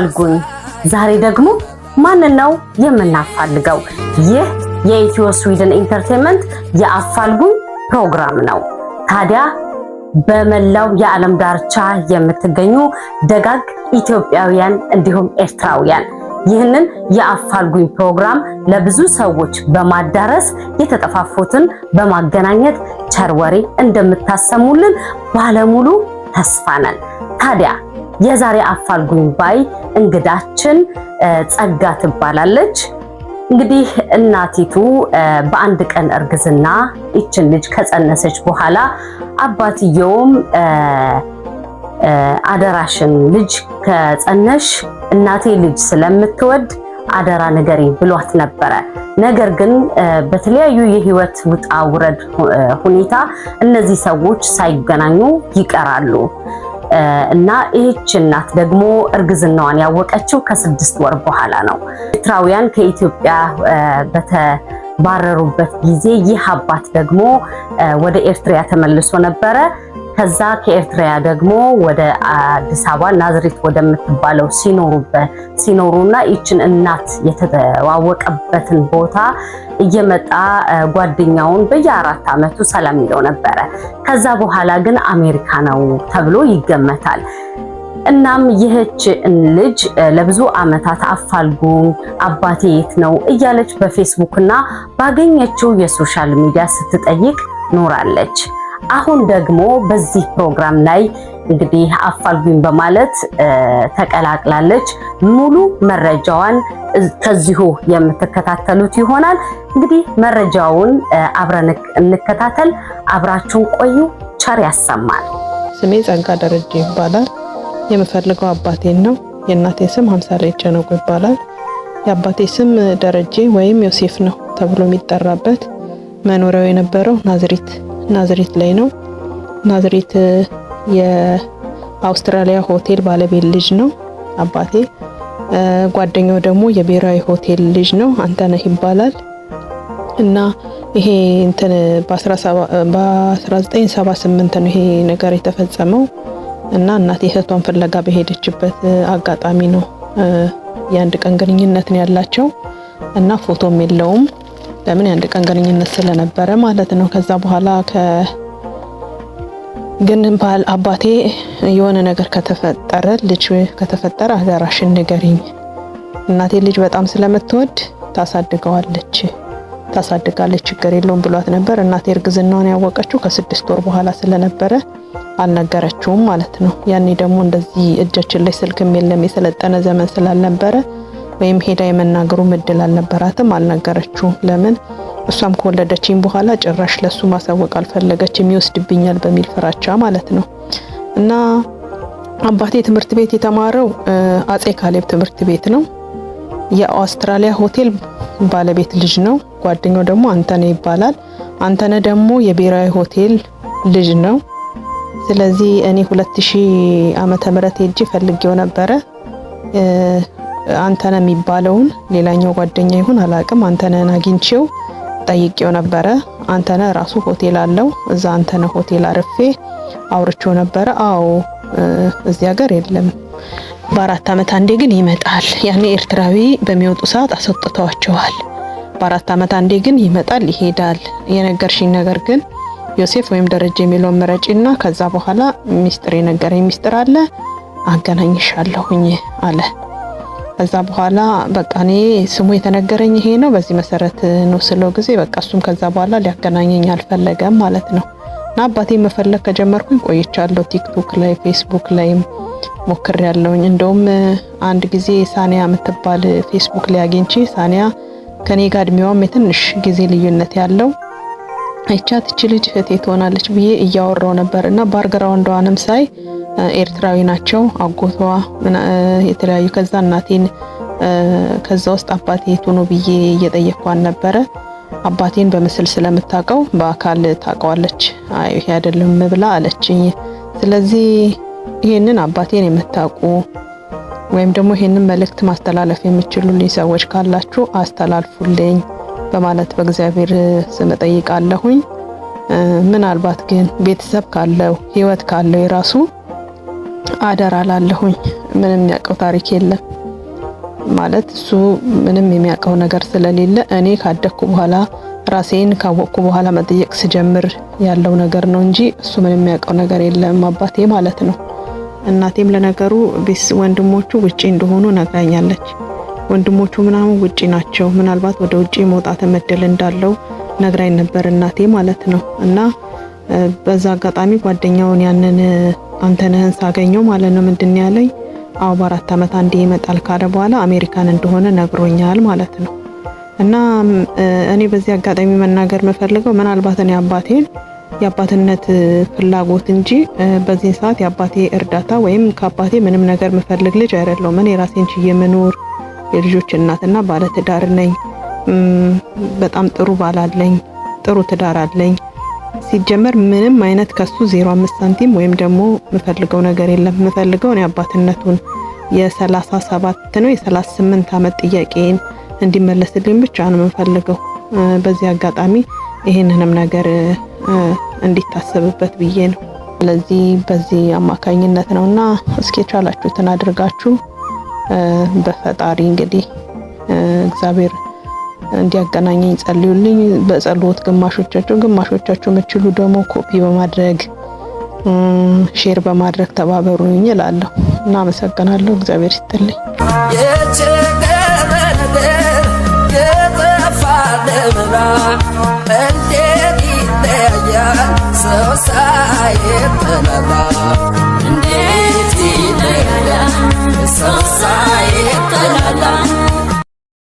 ያፋልጉኝ። ዛሬ ደግሞ ማንን ነው የምናፋልገው? ይህ የኢትዮ ስዊድን ኢንተርቴንመንት የአፋልጉኝ ፕሮግራም ነው። ታዲያ በመላው የዓለም ዳርቻ የምትገኙ ደጋግ ኢትዮጵያውያን እንዲሁም ኤርትራውያን ይህንን የአፋልጉኝ ፕሮግራም ለብዙ ሰዎች በማዳረስ የተጠፋፉትን በማገናኘት ቸር ወሬ እንደምታሰሙልን ባለሙሉ ተስፋ ነን። ታዲያ የዛሬ አፋልጉኝ ባይ እንግዳችን ጸጋ ትባላለች። እንግዲህ እናቲቱ በአንድ ቀን እርግዝና ይችን ልጅ ከጸነሰች በኋላ አባትየውም አደራሽን ልጅ ከጸነሽ እናቴ ልጅ ስለምትወድ አደራ ነገሪ ብሏት ነበረ። ነገር ግን በተለያዩ የህይወት ውጣ ውረድ ሁኔታ እነዚህ ሰዎች ሳይገናኙ ይቀራሉ። እና ይህች እናት ደግሞ እርግዝናዋን ያወቀችው ከስድስት ወር በኋላ ነው። ኤርትራውያን ከኢትዮጵያ በተባረሩበት ጊዜ ይህ አባት ደግሞ ወደ ኤርትራ ተመልሶ ነበረ። ከዛ ከኤርትራያ ደግሞ ወደ አዲስ አበባ ናዝሬት ወደምትባለው ሲኖሩበት ሲኖሩና ይችን እናት የተዋወቀበትን ቦታ እየመጣ ጓደኛውን በየአራት ዓመቱ ሰላም ይለው ነበረ። ከዛ በኋላ ግን አሜሪካ ነው ተብሎ ይገመታል። እናም ይህች ልጅ ለብዙ ዓመታት አፋልጉ አባቴ የት ነው እያለች በፌስቡክ እና ባገኘችው የሶሻል ሚዲያ ስትጠይቅ ኖራለች። አሁን ደግሞ በዚህ ፕሮግራም ላይ እንግዲህ አፋልጉኝ በማለት ተቀላቅላለች። ሙሉ መረጃዋን ከዚሁ የምትከታተሉት ይሆናል። እንግዲህ መረጃውን አብረን እንከታተል። አብራችሁን ቆዩ። ቸር ያሰማል። ስሜ ጸጋ ደረጀ ይባላል። የምፈልገው አባቴን ነው። የእናቴ ስም ሀምሳሌ ነጎ ይባላል። የአባቴ ስም ደረጀ ወይም ዮሴፍ ነው ተብሎ የሚጠራበት መኖሪያው የነበረው ናዝሬት ናዝሬት ላይ ነው። ናዝሬት የአውስትራሊያ ሆቴል ባለቤት ልጅ ነው አባቴ። ጓደኛው ደግሞ የብሔራዊ ሆቴል ልጅ ነው አንተነህ ይባላል። እና ይሄ እንትን በ1978 ነው ይሄ ነገር የተፈጸመው እና እናቴ እህቷን ፍለጋ በሄደችበት አጋጣሚ ነው። የአንድ ቀን ግንኙነት ነው ያላቸው እና ፎቶም የለውም። ለምን የአንድ ቀን ግንኙነት ስለነበረ ማለት ነው። ከዛ በኋላ ግን ባል አባቴ የሆነ ነገር ከተፈጠረ ልጅ ከተፈጠረ አደራሽን ንገሪኝ፣ እናቴ ልጅ በጣም ስለምትወድ ታሳድገዋለች ታሳድጋለች ችግር የለውም ብሏት ነበር። እናቴ እርግዝናውን ያወቀችው ከስድስት ወር በኋላ ስለነበረ አልነገረችውም ማለት ነው። ያኔ ደግሞ እንደዚህ እጃችን ላይ ስልክም የለም የሰለጠነ ዘመን ስላልነበረ ወይም ሄዳ የመናገሩ እድል አልነበራትም፣ አልነገረችውም። ለምን? እሷም ከወለደችኝ በኋላ ጭራሽ ለሱ ማሳወቅ አልፈለገች፣ ይወስድብኛል በሚል ፍራቻ ማለት ነው። እና አባቴ ትምህርት ቤት የተማረው አጼ ካሌብ ትምህርት ቤት ነው። የአውስትራሊያ ሆቴል ባለቤት ልጅ ነው። ጓደኛው ደግሞ አንተነ ይባላል። አንተነ ደግሞ የብሔራዊ ሆቴል ልጅ ነው። ስለዚህ እኔ 2000 ዓመተ ምህረት ሄጄ ፈልጌው ነበረ አንተነ የሚባለውን ሌላኛው ጓደኛ ይሁን አላቅም፣ አንተነን አግኝቼው ጠይቄው ነበረ። አንተነ ራሱ ሆቴል አለው። እዛ አንተነ ሆቴል አርፌ አውርቼው ነበረ። አዎ እዚህ ሀገር የለም። በአራት ዓመት አንዴ ግን ይመጣል። ያኔ ኤርትራዊ በሚወጡ ሰዓት አስወጥተዋቸዋል። በአራት ዓመት አንዴ ግን ይመጣል፣ ይሄዳል። የነገርሽኝ ነገር ግን ዮሴፍ ወይም ደረጀ የሚለውን ምረጪና ከዛ በኋላ ሚስጥር የነገረኝ ሚስጥር አለ አገናኝሻለሁኝ አለ። ከዛ በኋላ በቃ እኔ ስሙ የተነገረኝ ይሄ ነው፣ በዚህ መሰረት ነው ስለው ጊዜ በቃ እሱም ከዛ በኋላ ሊያገናኘኝ አልፈለገም ማለት ነው። እና አባቴ መፈለግ ከጀመርኩኝ ቆይቻለሁ። ቲክቶክ ላይ ፌስቡክ ላይም ሞክር ያለውኝ እንደውም አንድ ጊዜ ሳኒያ የምትባል ፌስቡክ ላይ አግኝቼ ሳኒያ ከኔ ጋር እድሜዋም የትንሽ ጊዜ ልዩነት ያለው አይቻት እቺ ልጅ እህቴ ትሆናለች ብዬ እያወራው ነበር እና ባርግራውንዷንም ሳይ ኤርትራዊ ናቸው። አጎቷ የተለያዩ ከዛ እናቴን ከዛ ውስጥ አባቴ የቱ ነው ብዬ እየጠየኳን ነበረ። አባቴን በምስል ስለምታውቀው በአካል ታውቀዋለች። አይ ይሄ አይደለም ብላ አለችኝ። ስለዚህ ይሄንን አባቴን የምታውቁ ወይም ደግሞ ይሄንን መልእክት ማስተላለፍ የምችሉልኝ ሰዎች ካላችሁ አስተላልፉልኝ በማለት በእግዚአብሔር ስም እጠይቃለሁኝ። ምናልባት ግን ቤተሰብ ካለው ህይወት ካለው የራሱ አደራ ላለሁኝ ምንም የሚያውቀው ታሪክ የለም ማለት እሱ ምንም የሚያውቀው ነገር ስለሌለ እኔ ካደግኩ በኋላ ራሴን ካወቅኩ በኋላ መጠየቅ ስጀምር ያለው ነገር ነው እንጂ እሱ ምንም የሚያውቀው ነገር የለም አባቴ ማለት ነው። እናቴም ለነገሩ ቤስ ወንድሞቹ ውጪ እንደሆኑ ነግራኛለች። ወንድሞቹ ምናምን ውጪ ናቸው፣ ምናልባት ወደ ውጪ መውጣት እድል እንዳለው ነግራኝ ነበር እናቴ ማለት ነው። እና በዛ አጋጣሚ ጓደኛውን ያንን አንተነህን ሳገኘው ማለት ነው ምንድን ያለኝ አዎ በአራት ዓመት አንዴ ይመጣል ካለ በኋላ አሜሪካን እንደሆነ ነግሮኛል ማለት ነው። እና እኔ በዚህ አጋጣሚ መናገር የምፈልገው ምናልባት እኔ አባቴን የአባትነት ፍላጎት እንጂ በዚህ ሰዓት የአባቴ እርዳታ ወይም ከአባቴ ምንም ነገር የምፈልግ ልጅ አይደለሁም። እኔ ራሴን ችዬ የምኖር የልጆች እናትና ባለትዳር ነኝ። በጣም ጥሩ ባላለኝ ጥሩ ትዳር አለኝ። ሲጀመር ምንም አይነት ከሱ 05 ሳንቲም ወይም ደግሞ የምፈልገው ነገር የለም። የምፈልገው እኔ አባትነቱን የ37 ነው የ38 አመት ጥያቄን እንዲመለስልኝ ብቻ ነው የምፈልገው። በዚህ አጋጣሚ ይህንንም ነገር እንዲታሰብበት ብዬ ነው። ስለዚህ በዚህ አማካኝነት ነው እና እስኪ የቻላችሁትን አድርጋችሁ በፈጣሪ እንግዲህ እግዚአብሔር እንዲያገናኘኝ ጸልዩልኝ። በጸሎት ግማሾቻቸው ግማሾቻቸው የምችሉ ደግሞ ኮፒ በማድረግ ሼር በማድረግ ተባበሩኝ እላለሁ እና አመሰግናለሁ። እግዚአብሔር ይስጥልኝ። የቸገረ ነገር የጠፋ እንዴት ይለያል ሰው